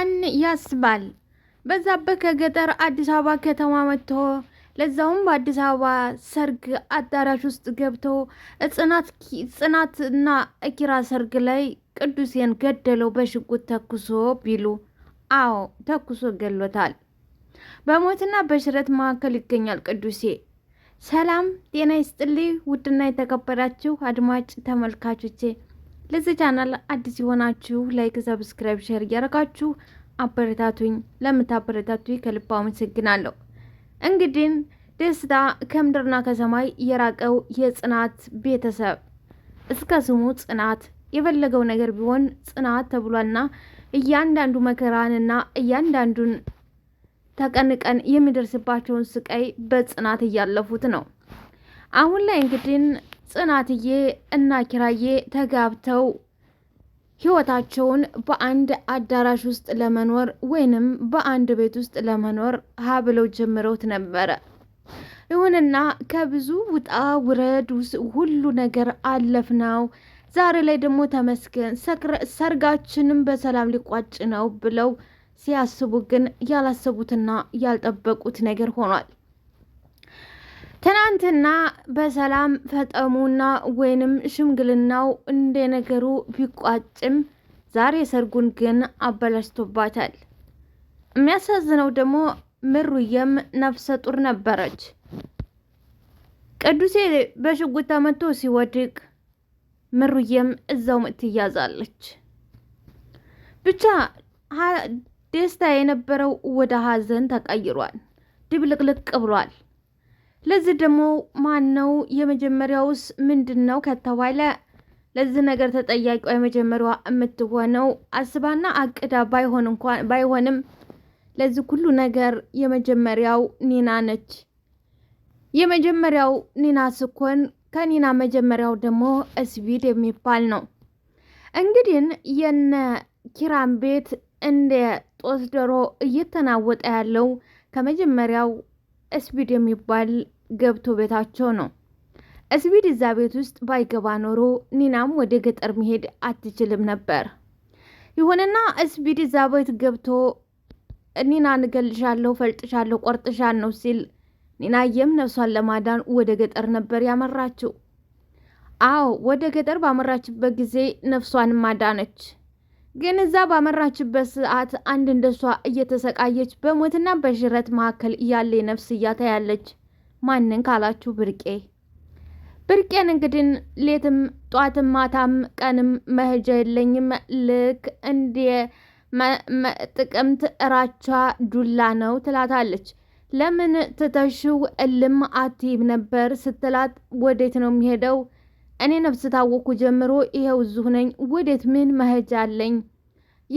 ማን ያስባል በዛብህ ከገጠር አዲስ አበባ ከተማ መጥቶ ለዛውም በአዲስ አበባ ሰርግ አዳራሽ ውስጥ ገብቶ ጽናትና እኪራ ሰርግ ላይ ቅዱሴን ገደለው በሽጉጥ ተኩሶ ቢሉ፣ አዎ ተኩሶ ገሎታል። በሞትና በሽረት መካከል ይገኛል ቅዱሴ። ሰላም ጤና ይስጥልኝ። ውድና የተከበራችሁ አድማጭ ተመልካቾቼ ለዚህ ቻናል አዲስ የሆናችሁ ላይክ፣ ሰብስክራይብ፣ ሼር እያደረጋችሁ አበረታቱኝ። ለምታበረታቱኝ ከልብ አመሰግናለሁ። እንግዲህ ደስታ ከምድርና ከሰማይ የራቀው የጽናት ቤተሰብ እስከ ስሙ ጽናት የፈለገው ነገር ቢሆን ጽናት ተብሏልና እያንዳንዱ መከራንና እያንዳንዱን ተቀንቀን የሚደርስባቸውን ስቃይ በጽናት እያለፉት ነው። አሁን ላይ እንግዲህ ጽናትዬ እና ኪራዬ ተጋብተው ህይወታቸውን በአንድ አዳራሽ ውስጥ ለመኖር ወይንም በአንድ ቤት ውስጥ ለመኖር ሀብለው ጀምረውት ነበረ። ይሁንና ከብዙ ውጣ ውረድ ሁሉ ነገር አለፍነው ዛሬ ላይ ደግሞ ተመስገን ሰርጋችንም በሰላም ሊቋጭ ነው ብለው ሲያስቡ ግን ያላሰቡትና ያልጠበቁት ነገር ሆኗል። ትናንትና በሰላም ፈጠሙና ወይንም ሽምግልናው እንደ ነገሩ ቢቋጭም ዛሬ ሰርጉን ግን አበላሽቶባታል። የሚያሳዝነው ደግሞ ምሩየም ነፍሰ ጡር ነበረች። ቅዱሴ በሽጉጥ ተመቶ ሲወድቅ ምሩየም እዛው ምትያዛለች። ብቻ ደስታ የነበረው ወደ ሀዘን ተቀይሯል፣ ድብልቅልቅ ብሏል። ለዚህ ደግሞ ማን ነው? የመጀመሪያውስ ምንድን ነው ከተባለ ለዚህ ነገር ተጠያቂዋ የመጀመሪያዋ የምትሆነው አስባና አቅዳ ባይሆን እንኳን ባይሆንም ለዚህ ሁሉ ነገር የመጀመሪያው ኒና ነች። የመጀመሪያው ኒና ስኮን ከኒና መጀመሪያው ደግሞ እስቢድ የሚባል ነው። እንግዲህ የነ ኪራን ቤት እንደ ጦስ ዶሮ እየተናወጠ ያለው ከመጀመሪያው እስቢድ የሚባል ገብቶ ቤታቸው ነው። እስቢድ እዛ ቤት ውስጥ ባይገባ ኖሮ ኒናም ወደ ገጠር መሄድ አትችልም ነበር። ይሁንና እስቢድ እዛ ቤት ገብቶ ኒና እገልሻለሁ፣ ፈልጥሻለሁ፣ ቆርጥሻለሁ ሲል ኒናየም ነፍሷን ለማዳን ወደ ገጠር ነበር ያመራችው። አዎ ወደ ገጠር ባመራችበት ጊዜ ነፍሷን ማዳነች። ግን እዛ ባመራችበት ሰዓት አንድ እንደሷ እየተሰቃየች በሞትና በሽረት መካከል እያለ ነፍስ ታያለች። ማንን ካላችሁ ብርቄ። ብርቄን እንግዲህ ሌትም ጧትም ማታም ቀንም መሄጃ የለኝም ልክ እንደ ጥቅምት እራቻ ዱላ ነው ትላታለች። ለምን ትተሽው እልም አትይም ነበር ስትላት ወዴት ነው የሚሄደው እኔ ነፍስ ታወቅኩ ጀምሮ ይኸው እዚሁ ነኝ። ወዴት ምን መሄጃ አለኝ?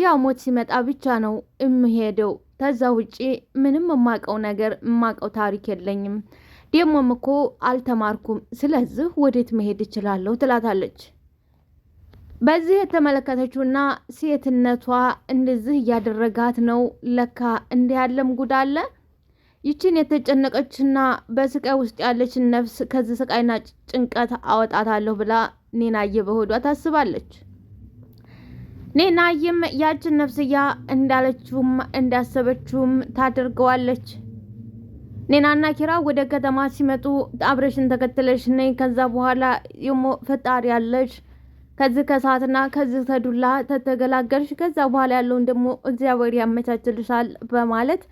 ያው ሞት ሲመጣ ብቻ ነው የምሄደው። ከዛ ውጪ ምንም የማውቀው ነገር የማውቀው ታሪክ የለኝም። ደግሞም እኮ አልተማርኩም። ስለዚህ ወዴት መሄድ እችላለሁ? ትላታለች። በዚህ የተመለከተችውና ሴትነቷ እንደዚህ እያደረጋት ነው። ለካ እንዲህ ያለም ጉድ አለ። ይችን የተጨነቀችና በስቃይ ውስጥ ያለችን ነፍስ ከዚህ ስቃይና ጭንቀት አወጣታለሁ ብላ ኔናዬ በሆዷ ታስባለች። ኔናዬም ያችን ነፍስያ እንዳለችውም እንዳሰበችውም ታደርገዋለች። ኔናና ኪራ ወደ ከተማ ሲመጡ አብረሽን ተከትለሽ ነይ፣ ከዛ በኋላ የሞ ፈጣሪ ያለሽ ከዚህ ከሳትና ከዚህ ተዱላ ተተገላገልሽ፣ ከዛ በኋላ ያለውን ደግሞ እግዚአብሔር ያመቻችልሻል በማለት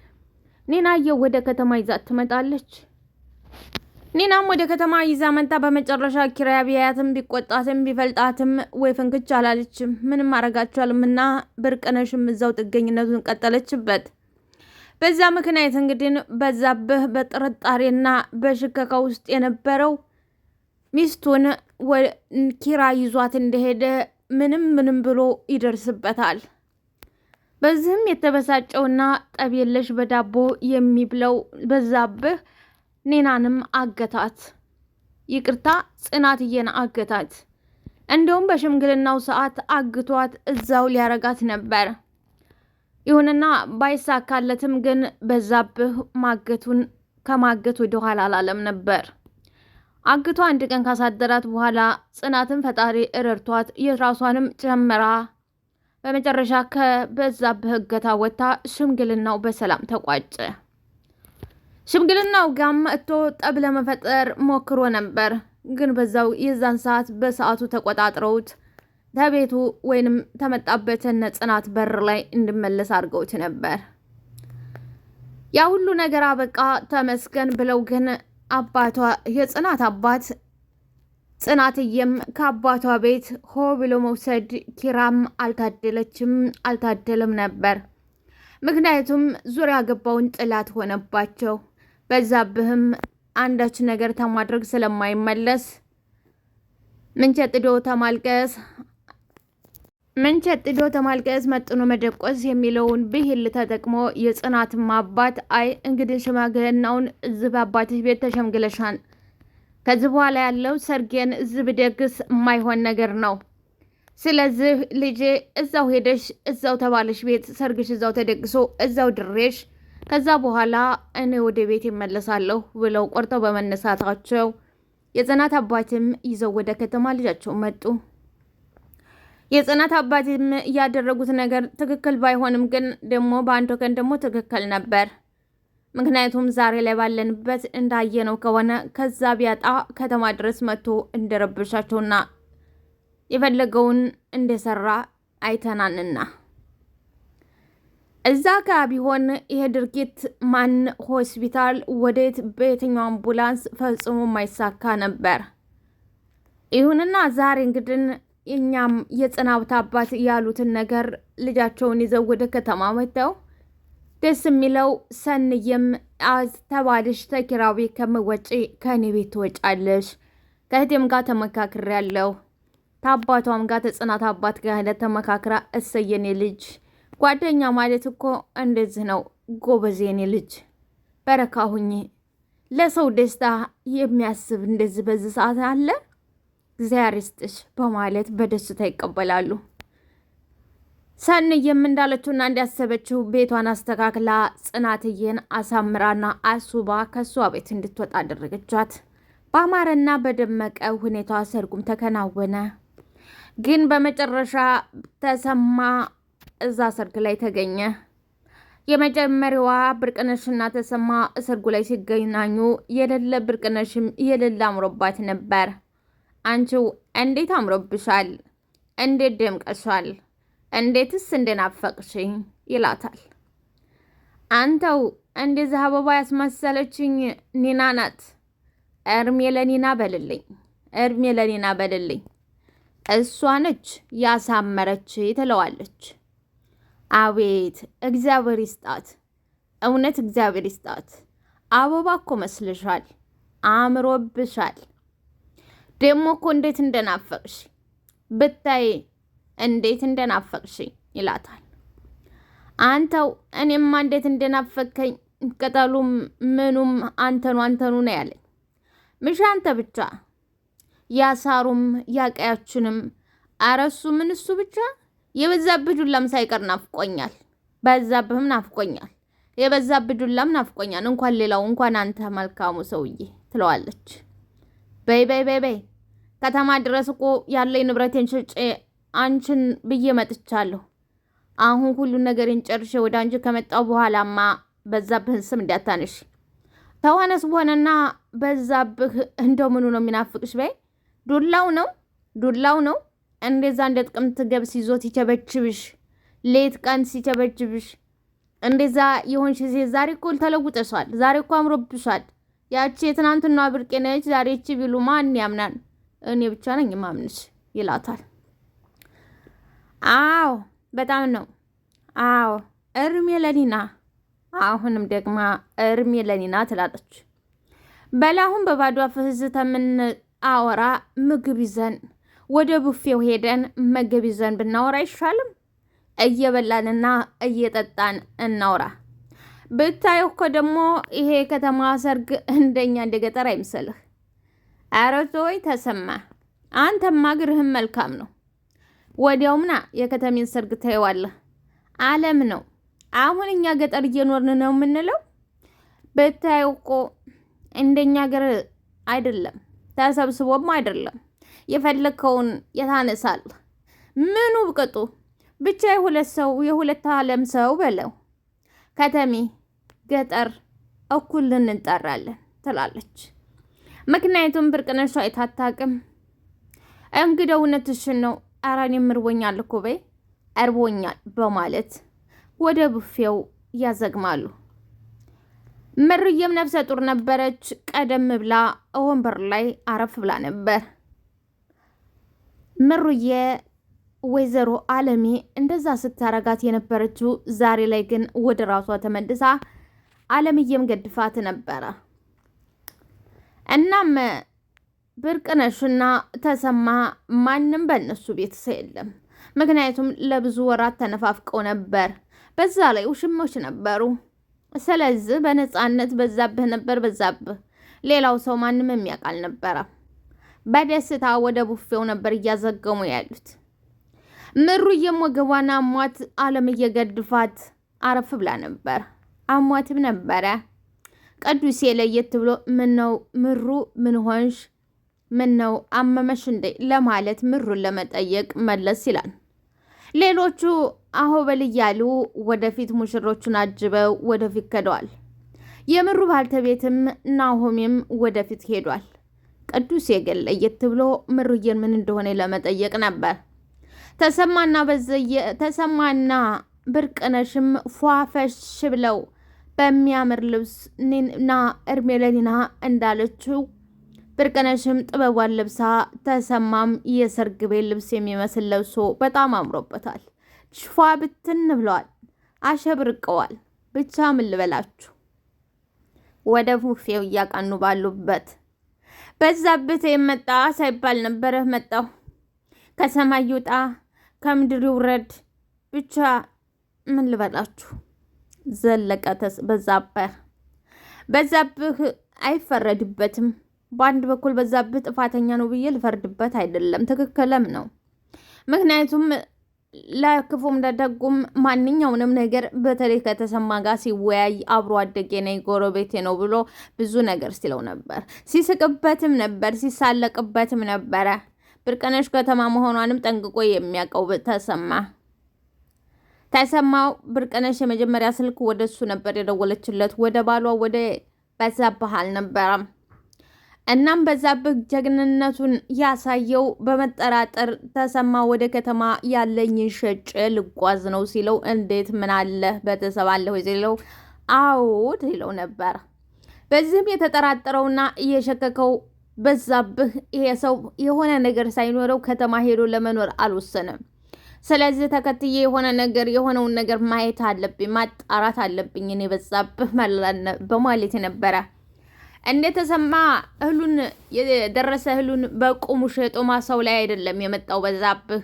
ኒናየው ወደ ከተማ ይዛ ትመጣለች። ኒናም ወደ ከተማ ይዛ መጣ። በመጨረሻ ኪራያ ቢያያትም ቢቆጣትም ቢፈልጣትም ወይ ፍንክች አላለችም። ምንም አረጋችኋልም እና ብርቅነሽም እዛው ጥገኝነቱን ቀጠለችበት። በዛ ምክንያት እንግዲህ በዛብህ በጥርጣሬና በሽከካ ውስጥ የነበረው ሚስቱን ኪራ ይዟት እንደሄደ ምንም ምንም ብሎ ይደርስበታል። በዚህም የተበሳጨውና ጠብ የለሽ በዳቦ የሚብለው በዛብህ ኔናንም አገታት። ይቅርታ ጽናትዬን አገታት። እንደውም በሽምግልናው ሰዓት አግቷት እዛው ሊያረጋት ነበር። ይሁንና ባይሳካለትም ግን በዛብህ ማገቱን ከማገት ወደኋላ አላለም ነበር። አግቷ አንድ ቀን ካሳደራት በኋላ ጽናትን ፈጣሪ እረድቷት የራሷንም ጨምራ በመጨረሻ ከበዛብህ እገታ ወጥታ ሽምግልናው በሰላም ተቋጨ። ሽምግልናው ጋም መጥቶ ጠብ ለመፈጠር ሞክሮ ነበር፣ ግን በዛው የዛን ሰዓት በሰዓቱ ተቆጣጥረውት ተቤቱ ወይንም ተመጣበትን ጽናት በር ላይ እንድመለስ አድርገውት ነበር። ያ ሁሉ ነገር አበቃ ተመስገን ብለው ግን አባቷ የጽናት አባት ጽናትዬም ከአባቷ ቤት ሆ ብሎ መውሰድ ኪራም አልታደለችም አልታደለም ነበር። ምክንያቱም ዙሪያ ገባውን ጥላት ሆነባቸው። በዛብህም አንዳች ነገር ተማድረግ ስለማይመለስ ምንቸ ተማልቀስ ተማልቀስ መጥኖ መደቆስ የሚለውን ብሂል ተጠቅሞ የጽናትም አባት አይ እንግዲህ ሽማግሌናውን እዚህ በአባትሽ ቤት ተሸምግለሻል ከዚህ በኋላ ያለው ሰርጌን እዚህ ብደግስ የማይሆን ነገር ነው። ስለዚህ ልጄ እዛው ሄደሽ እዛው ተባለሽ ቤት ሰርግሽ እዛው ተደግሶ እዛው ድሬሽ ከዛ በኋላ እኔ ወደ ቤት ይመለሳለሁ ብለው ቆርጠው በመነሳታቸው የጽናት አባትም ይዘው ወደ ከተማ ልጃቸው መጡ። የጽናት አባትም ያደረጉት ነገር ትክክል ባይሆንም ግን ደግሞ በአንድ ወገን ደግሞ ትክክል ነበር። ምክንያቱም ዛሬ ላይ ባለንበት እንዳየነው ከሆነ ከዛ ቢያጣ ከተማ ድረስ መጥቶ እንደረበሻቸውና የፈለገውን እንደሰራ አይተናንና እዛ ጋ ቢሆን ይሄ ድርጊት ማን ሆስፒታል፣ ወዴት፣ በየትኛው አምቡላንስ ፈጽሞ የማይሳካ ነበር። ይሁንና ዛሬ እንግድን እኛም የጽናብት አባት ያሉትን ነገር ልጃቸውን ይዘው ወደ ከተማ መጥተው ደስ የሚለው ሰንዬም ተባልሽ ተኪራዊ ከምወጪ ከእኔ ቤት ትወጫለሽ። ከእህቴም ጋር ተመካክሬ ያለው ታባቷም ጋር ተጽናት አባት ጋር ሄደ ተመካክራ፣ እሰየኔ ልጅ ጓደኛ ማለት እኮ እንደዚህ ነው። ጎበዝ የኔ ልጅ በረካ ሁኚ። ለሰው ደስታ የሚያስብ እንደዚህ በዚህ ሰዓት አለ። እግዚአብሔር ይስጥሽ በማለት በደስታ ይቀበላሉ። ሰንዬም እንዳለችውና እንዲያሰበችው ቤቷን አስተካክላ ጽናትዬን አሳምራና አሱባ ከእሷ ቤት እንድትወጣ አደረገቻት። በአማረና በደመቀ ሁኔታ ሰርጉም ተከናወነ። ግን በመጨረሻ ተሰማ እዛ ሰርግ ላይ ተገኘ። የመጀመሪያዋ ብርቅነሽና ተሰማ ሰርጉ ላይ ሲገናኙ የሌለ ብርቅነሽም የሌለ አምሮባት ነበር። አንቺው እንዴት አምሮብሻል! እንዴት ደምቀሻል! እንዴትስ እንደናፈቅሽኝ ይላታል። አንተው እንደዚህ አበባ ያስመሰለችኝ ኒና ናት። እርሜ ለኒና በልልኝ፣ እርሜ ለኒና በልልኝ። እሷ ነች ያሳመረች ትለዋለች። አቤት እግዚአብሔር ይስጣት፣ እውነት እግዚአብሔር ይስጣት። አበባ እኮ መስልሻል፣ አምሮብሻል። ደግሞ እኮ እንዴት እንደናፈቅሽ ብታይ እንዴት እንደናፈቅሽኝ ይላታል። አንተው እኔማ እንዴት እንደናፈቅከኝ ቅጠሉም ምኑም አንተኑ አንተኑ ነው ያለኝ። ምሽ አንተ ብቻ ያሳሩም ያቀያችንም አረሱ ምን እሱ ብቻ የበዛብህ ዱላም ሳይቀር ናፍቆኛል። በዛብህም ናፍቆኛል። የበዛብህ ዱላም ናፍቆኛል። እንኳን ሌላው እንኳን አንተ መልካሙ ሰውዬ ትለዋለች። በይ በይ በይ በይ ከተማ ድረስ እኮ ያለኝ ንብረቴን ሸጬ አንቺን ብዬ መጥቻለሁ። አሁን ሁሉን ነገሬን ጨርሼ ወደ አንቺ ከመጣሁ በኋላማ በዛብህን ስም እንዳታነሺ። ተሆነስ በሆነና በዛብህ እንደው ምኑ ነው የሚናፍቅሽ? በይ ዱላው ነው ዱላው ነው እንደዛ እንደ ጥቅምት ገብስ ይዞት ይቸበችብሽ፣ ሌት ቀን ሲቸበችብሽ እንደዛ የሆንሽ ሴት ዛሬ እኮ ተለውጠሻል። ዛሬ እኮ አምሮብሻል። ያቺ የትናንትና ብርቄ ነች፣ ዛሬ እቺ ቢሉ ማን ያምናል? እኔ ብቻ ነኝ ማምንሽ ይላታል። አዎ በጣም ነው። አዎ እርሜ ለኒና አሁንም ደግማ እርሜ ለኒና ትላለች። በላሁን በባዶ ፍህዝ ተምን አወራ ምግብ ይዘን ወደ ቡፌው ሄደን ምግብ ይዘን ብናወራ አይሻልም? እየበላንና እየጠጣን እናውራ። ብታይ እኮ ደግሞ ይሄ ከተማ ሰርግ እንደኛ እንደ ገጠር አይምሰልህ። አረቶ ወይ ተሰማ፣ አንተማ እግርህም መልካም ነው። ወዲያውምና የከተሜን ሰርግ ታየዋለህ። አለም ነው አሁን እኛ ገጠር እየኖርን ነው የምንለው። ብታየው እኮ እንደኛ ሀገር አይደለም፣ ተሰብስቦም አይደለም። የፈለግከውን የታነሳል። ምኑ ብቅጡ ብቻ የሁለት ሰው የሁለት አለም ሰው በለው። ከተሜ ገጠር እኩል እንጠራለን ትላለች። ምክንያቱም ብርቅነሽ አይታታቅም። እንግዲህ እውነትሽን ነው ኧረ እኔም እርቦኛል እኮ በይ እርቦኛል በማለት ወደ ቡፌው ያዘግማሉ። ምሩዬም ነፍሰ ጡር ነበረች። ቀደም ብላ ወንበር ላይ አረፍ ብላ ነበር። ምሩዬ ወይዘሮ አለሜ እንደዛ ስታረጋት የነበረችው ዛሬ ላይ ግን ወደ ራሷ ተመልሳ አለምዬም ገድፋት ነበረ እናም ብርቅነሽና ተሰማ ማንም በእነሱ ቤት የለም። ምክንያቱም ለብዙ ወራት ተነፋፍቀው ነበር። በዛ ላይ ውሽሞች ነበሩ። ስለዚህ በነፃነት በዛብህ ነበር በዛብህ። ሌላው ሰው ማንም የሚያውቅ አልነበረም። በደስታ ወደ ቡፌው ነበር እያዘገሙ ያሉት። ምሩ ወገቧን አሟት፣ አለም እየገድፋት አረፍ ብላ ነበር። አሟትም ነበረ። ቅዱሴ ለየት ብሎ ምነው ምሩ ምን ሆንሽ ምን ነው አመመሽ እንዴ ለማለት ምሩን ለመጠየቅ መለስ ይላል። ሌሎቹ አሆበል እያሉ ወደፊት ሙሽሮቹን አጅበው ወደፊት ከደዋል። የምሩ ባልተቤትም ናሆሚም ወደፊት ሄዷል። ቅዱስ የገል ለየት ብሎ ምሩዬን ምን እንደሆነ ለመጠየቅ ነበር። ተሰማና በዘየ ተሰማና ብርቅነሽም ፏፈሽ ብለው በሚያምር ልብስ ና እርሜለኒና እንዳለችው ብርቅነሽም ጥበቧን ለብሳ ተሰማም የሰርግ ቤት ልብስ የሚመስል ለብሶ በጣም አምሮበታል። ሽፏ ብትን ብለዋል፣ አሸብርቀዋል። ብቻ ምን ልበላችሁ ወደ ቡፌው እያቀኑ ባሉበት በዛብህ የመጣ ሳይባል ነበረ መጣሁ? ከሰማይ ይውጣ ከምድር ይውረድ ብቻ ምን ልበላችሁ። ዘለቀ በዛብህ በዛብህ አይፈረድበትም። በአንድ በኩል በዛብህ ጥፋተኛ ነው ብዬ ልፈርድበት አይደለም፣ ትክክልም ነው። ምክንያቱም ለክፉም ለደጉም ማንኛውንም ነገር በተለይ ከተሰማ ጋር ሲወያይ አብሮ አደጌ ነው ጎረቤቴ ነው ብሎ ብዙ ነገር ሲለው ነበር። ሲስቅበትም ነበር፣ ሲሳለቅበትም ነበረ። ብርቅነሽ ከተማ መሆኗንም ጠንቅቆ የሚያውቀው ተሰማ ተሰማው ብርቅነሽ የመጀመሪያ ስልክ ወደ እሱ ነበር የደወለችለት፣ ወደ ባሏ ወደ በዛብህ አልነበረም። እናም በዛብህ ጀግንነቱን ያሳየው በመጠራጠር ተሰማ ወደ ከተማ ያለኝን ሸጭ ልጓዝ ነው ሲለው፣ እንዴት ምን አለ ቤተሰብ አለህ ሲለው፣ አዎ ሲለው ነበር። በዚህም የተጠራጠረውና እየሸከከው በዛብህ ይሄ ሰው የሆነ ነገር ሳይኖረው ከተማ ሄዶ ለመኖር አልወሰንም። ስለዚህ ተከትዬ የሆነ ነገር የሆነውን ነገር ማየት አለብኝ ማጣራት አለብኝ እኔ በዛብህ በማለት ነበረ እንደተሰማ እህሉን የደረሰ እህሉን በቁሙ ሸጦ ማሳው ላይ አይደለም የመጣው። በዛብህ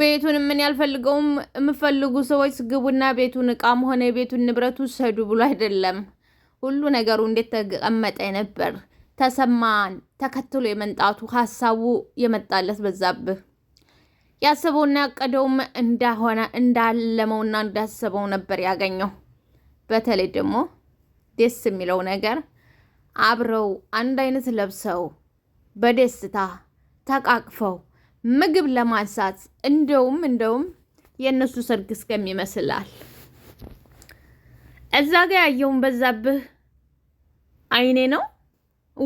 ቤቱን ምን ያልፈልገውም የምፈልጉ ሰዎች ግቡና ቤቱን እቃም ሆነ የቤቱን ንብረቱ ውሰዱ ብሎ አይደለም። ሁሉ ነገሩ እንዴት ተቀመጠ ነበር። ተሰማን ተከትሎ የመንጣቱ ሀሳቡ የመጣለት በዛብህ ያሰበውና ያቀደውም እንዳሆነ እንዳለመውና እንዳሰበው ነበር ያገኘው። በተለይ ደግሞ ደስ የሚለው ነገር አብረው አንድ አይነት ለብሰው በደስታ ተቃቅፈው ምግብ ለማንሳት እንደውም እንደውም የእነሱ ሰርግ እስከም ይመስላል። እዛ ጋ ያየውን በዛብህ አይኔ ነው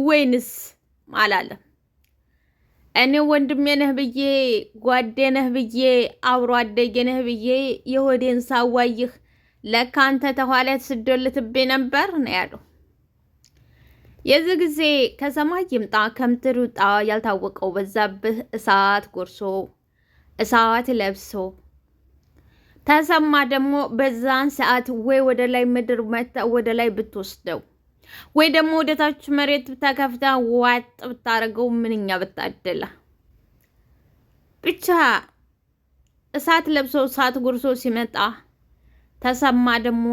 ወይንስ አላለም። እኔ ወንድሜ ነህ ብዬ ጓዴ ነህ ብዬ አብሮ አደጌ ነህ ብዬ የሆዴን ሳዋይህ ለካንተ ተኋላ ተስዶልትብኝ ነበር ነው ያለው። የዚህ ጊዜ ከሰማይ ይምጣ ከምድር ውጣ ያልታወቀው በዛብህ እሳት ጎርሶ እሳት ለብሶ ተሰማ ደግሞ በዛን ሰዓት ወይ ወደ ላይ ምድር መታ ወደ ላይ ብትወስደው ወይ ደግሞ ወደታች መሬት ተከፍታ ዋጥ ብታደርገው ምንኛ ብታደላ። ብቻ እሳት ለብሶ እሳት ጎርሶ ሲመጣ ተሰማ ደግሞ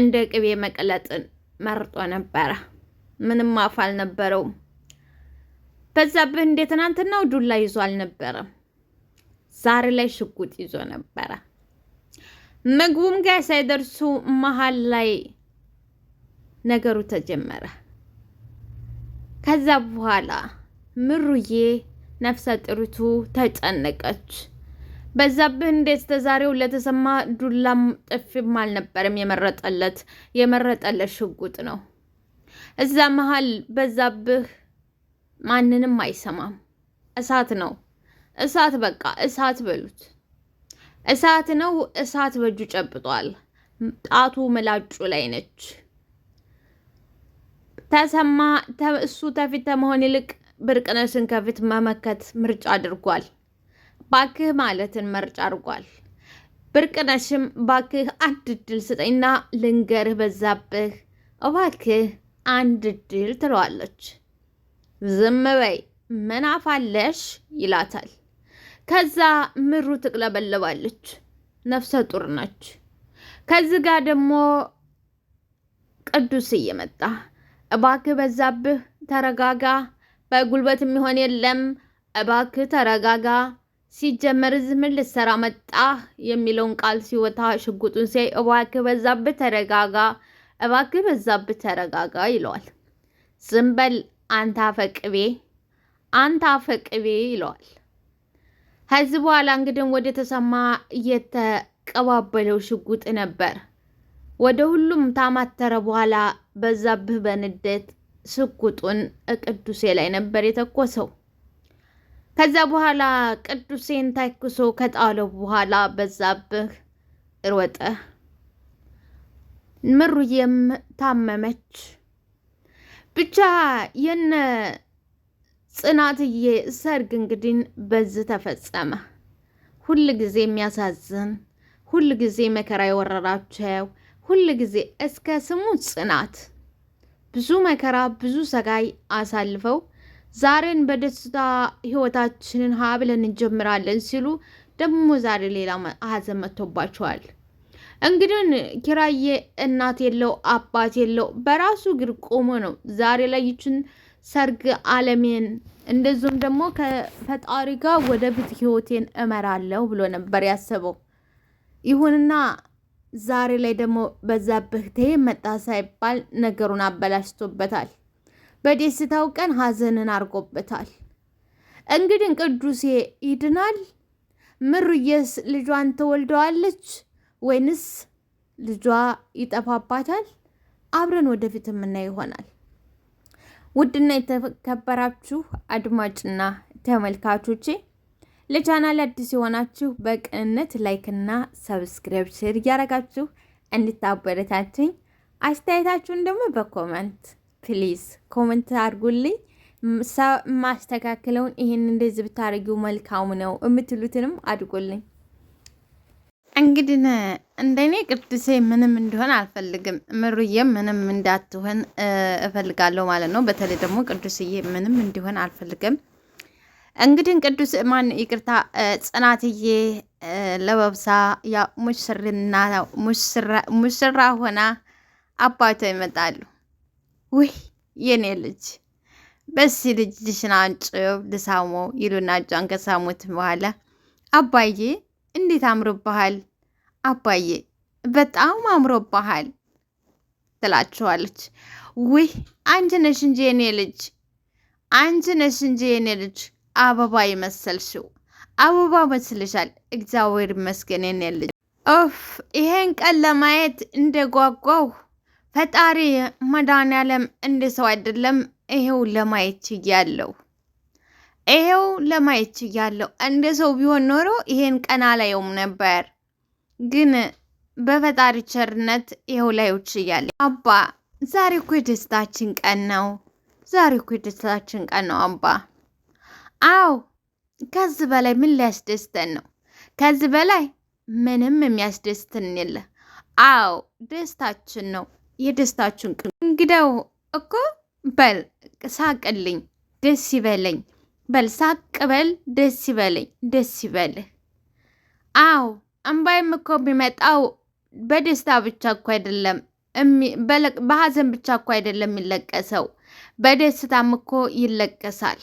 እንደ ቅቤ መቅለጥን መርጦ ነበረ። ምንም አፍ አልነበረውም። በዛብህ እንደ ትናንትናው ዱላ ይዞ አልነበረም። ዛሬ ላይ ሽጉጥ ይዞ ነበረ። ምግቡም ጋር ሳይደርሱ መሀል ላይ ነገሩ ተጀመረ። ከዛ በኋላ ምሩዬ ነፍሰ ጥሪቱ ተጨነቀች። በዛብህ እንዴት ተዛሬው ለተሰማ ዱላም ጥፊም አልነበረም የመረጠለት የመረጠለት ሽጉጥ ነው። እዛ መሀል በዛብህ ማንንም አይሰማም። እሳት ነው እሳት፣ በቃ እሳት በሉት። እሳት ነው እሳት። በእጁ ጨብጧል። ጣቱ ምላጩ ላይ ነች። ተሰማ እሱ ተፊት ከመሆን ይልቅ ብርቅነሽን ከፊት መመከት ምርጫ አድርጓል። ባክህ ማለትን መርጫ አድርጓል። ብርቅነሽም ባክህ አንድ እድል ስጠኝና ልንገርህ በዛብህ እባክህ አንድ እድል ትለዋለች። ዝም በይ ምን አፋለሽ ይላታል። ከዛ ምሩ ትቅለበለባለች። ነፍሰ ጡር ነች። ከዚህ ጋር ደግሞ ቅዱስ እየመጣ እባክህ በዛብህ ተረጋጋ፣ በጉልበት የሚሆን የለም እባክህ ተረጋጋ፣ ሲጀመር እዚህ ምን ልትሰራ መጣህ? የሚለውን ቃል ሲወታ ሽጉጡን ሲያይ እባክህ በዛብህ ተረጋጋ እባክህ በዛብህ ተረጋጋ ይለዋል። ዝም በል አንተ አፈቅቤ አንተ አፈቅቤ ይለዋል። ከዚህ በኋላ እንግዲህ ወደ ተሰማ እየተቀባበለው ሽጉጥ ነበር ወደ ሁሉም ታማተረ በኋላ በዛብህ በንዴት ሽጉጡን ቅዱሴ ላይ ነበር የተኮሰው። ከዛ በኋላ ቅዱሴን ተኩሶ ከጣለው በኋላ በዛብህ ሮጠ። ምሩዬም ታመመች። ብቻ የነ ጽናትዬ ሰርግ እንግዲህ በዚህ ተፈጸመ። ሁል ጊዜ የሚያሳዝን ሁል ጊዜ መከራ የወረራቸው ሁል ጊዜ እስከ ስሙ ጽናት ብዙ መከራ ብዙ ሰጋይ አሳልፈው ዛሬን በደስታ ህይወታችንን ሀብለን እንጀምራለን ሲሉ ደግሞ ዛሬ ሌላ ሀዘን መጥቶባቸዋል። እንግዲህ ኪራዬ እናት የለው አባት የለው በራሱ እግር ቆሞ ነው ዛሬ ላይ ይችን ሰርግ አለሜን እንደዚሁም ደግሞ ከፈጣሪ ጋር ወደ ብት ህይወቴን እመራለሁ ብሎ ነበር ያሰበው። ይሁንና ዛሬ ላይ ደግሞ በዛብህ መጣ ሳይባል ነገሩን አበላሽቶበታል። በደስታው ቀን ሀዘንን አድርጎበታል። እንግዲህ ቅዱሴ ይድናል፣ ምሩዬስ ልጇን ተወልደዋለች። ወይንስ ልጇ ይጠፋባታል? አብረን ወደፊት የምናየው ይሆናል። ውድና የተከበራችሁ አድማጭና ተመልካቾቼ ለቻናል አዲስ የሆናችሁ በቅንነት ላይክና ሰብስክራይብ ሼር እያደረጋችሁ እንድታበረታችኝ አስተያየታችሁን ደግሞ በኮመንት ፕሊዝ ኮመንት አድርጉልኝ። ማስተካከለውን ይህን እንደዚህ ብታደርጊው መልካሙ ነው የምትሉትንም አድጎልኝ። እንግዲህ እንደኔ ቅዱሴ ምንም እንዲሆን አልፈልግም። ምሩዬም ምንም እንዳትሆን እፈልጋለሁ ማለት ነው። በተለይ ደግሞ ቅዱስዬ ምንም እንዲሆን አልፈልግም። እንግዲህ ቅዱስ ማን ይቅርታ ጽናትዬ ለበብሳ ያ ሙሽርና ሙሽራ ሆና አባቷ ይመጣሉ። ውይ የኔ ልጅ በሲ ልጅ ሽናጭው ልሳሞ ይሉና እጇን ከሳሙት በኋላ አባዬ እንዴት አምሮብሃል አባዬ፣ በጣም አምሮብሃል ትላችኋለች። ውህ አንቺ ነሽ እንጂ የኔ ልጅ፣ አንቺ ነሽ እንጂ የኔ ልጅ አበባ የመሰልሽው አበባ መስልሻል። እግዚአብሔር ይመስገን የኔ ልጅ። ኦፍ ይሄን ቀን ለማየት እንደ ጓጓው ፈጣሪ መድኃኔዓለም እንደ ሰው አይደለም። ይሄው ለማየት ችያለሁ። ይሄው ለማየት ችያለሁ። እንደ ሰው ቢሆን ኖሮ ይሄን ቀን አላየውም ነበር፣ ግን በፈጣሪ ቸርነት ይሄው ላየው ችያለሁ። አባ ዛሬ እኮ የደስታችን ቀን ነው። ዛሬ እኮ የደስታችን ቀን ነው አባ። አዎ ከዚህ በላይ ምን ሊያስደስተን ነው? ከዚህ በላይ ምንም የሚያስደስትን የለ። አዎ ደስታችን ነው፣ የደስታችን ቅ እንግዳው እኮ በል ሳቅልኝ፣ ደስ ይበለኝ በልሳ ቅበል ደስ ይበለኝ፣ ደስ ይበልህ። አዎ እምባይም እኮ የሚመጣው በደስታ ብቻ እኮ አይደለም፣ በሀዘን ብቻ እኮ አይደለም የሚለቀሰው፣ በደስታም እኮ ይለቀሳል።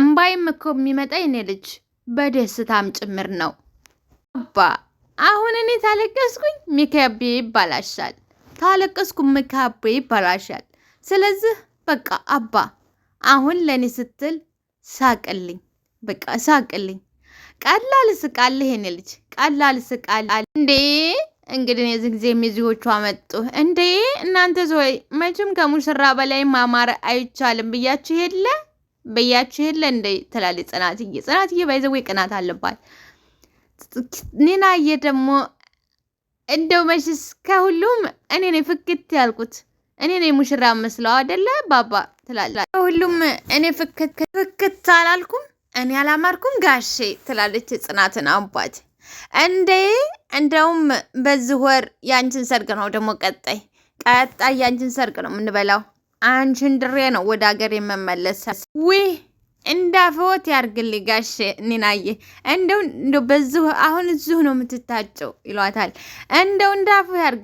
እምባይም እኮ የሚመጣ የኔ ልጅ በደስታም ጭምር ነው። አባ አሁን እኔ ታለቀስኩኝ ሚካቤ ይባላሻል፣ ታለቀስኩ ሚካቤ ይባላሻል። ስለዚህ በቃ አባ አሁን ለእኔ ስትል ሳቅልኝ፣ በቃ ሳቅልኝ። ቀላል ስቃል ይሄን ልጅ ቀላል ስቃል እንዴ! እንግዲህ የዚህ ጊዜ ሚዜዎቿ አመጡ እንዴ እናንተ ዞይ መቼም ከሙሽራ በላይ ማማር አይቻልም ብያችሁ የለ ብያችሁ የለ እንደ ትላለች ጽናትዬ። ጽናትዬ ባይዘዌ ቅናት አለባት። ኒናዬ ደግሞ እንደው መሽስ ከሁሉም እኔ ነኝ ፍክት ያልኩት እኔ ነኝ ሙሽራ መስለው አደለ ባባ ትላለች። ሁሉም እኔ ፍክት አላልኩም፣ እኔ አላማርኩም ጋሼ ትላለች ጽናትን አባት እንዴ እንደውም በዚህ ወር የአንችን ሰርግ ነው ደግሞ ቀጣይ ቀጣይ የአንችን ሰርግ ነው የምንበላው። አንችን ድሬ ነው ወደ ሀገር የመመለስ ዊ እንዳፈወት ያርግልኝ ጋሼ እኔናየ እንደው እንደው በዚሁ አሁን እዚሁ ነው የምትታጨው ይሏታል። እንደው እንዳፈወት ያርግልኝ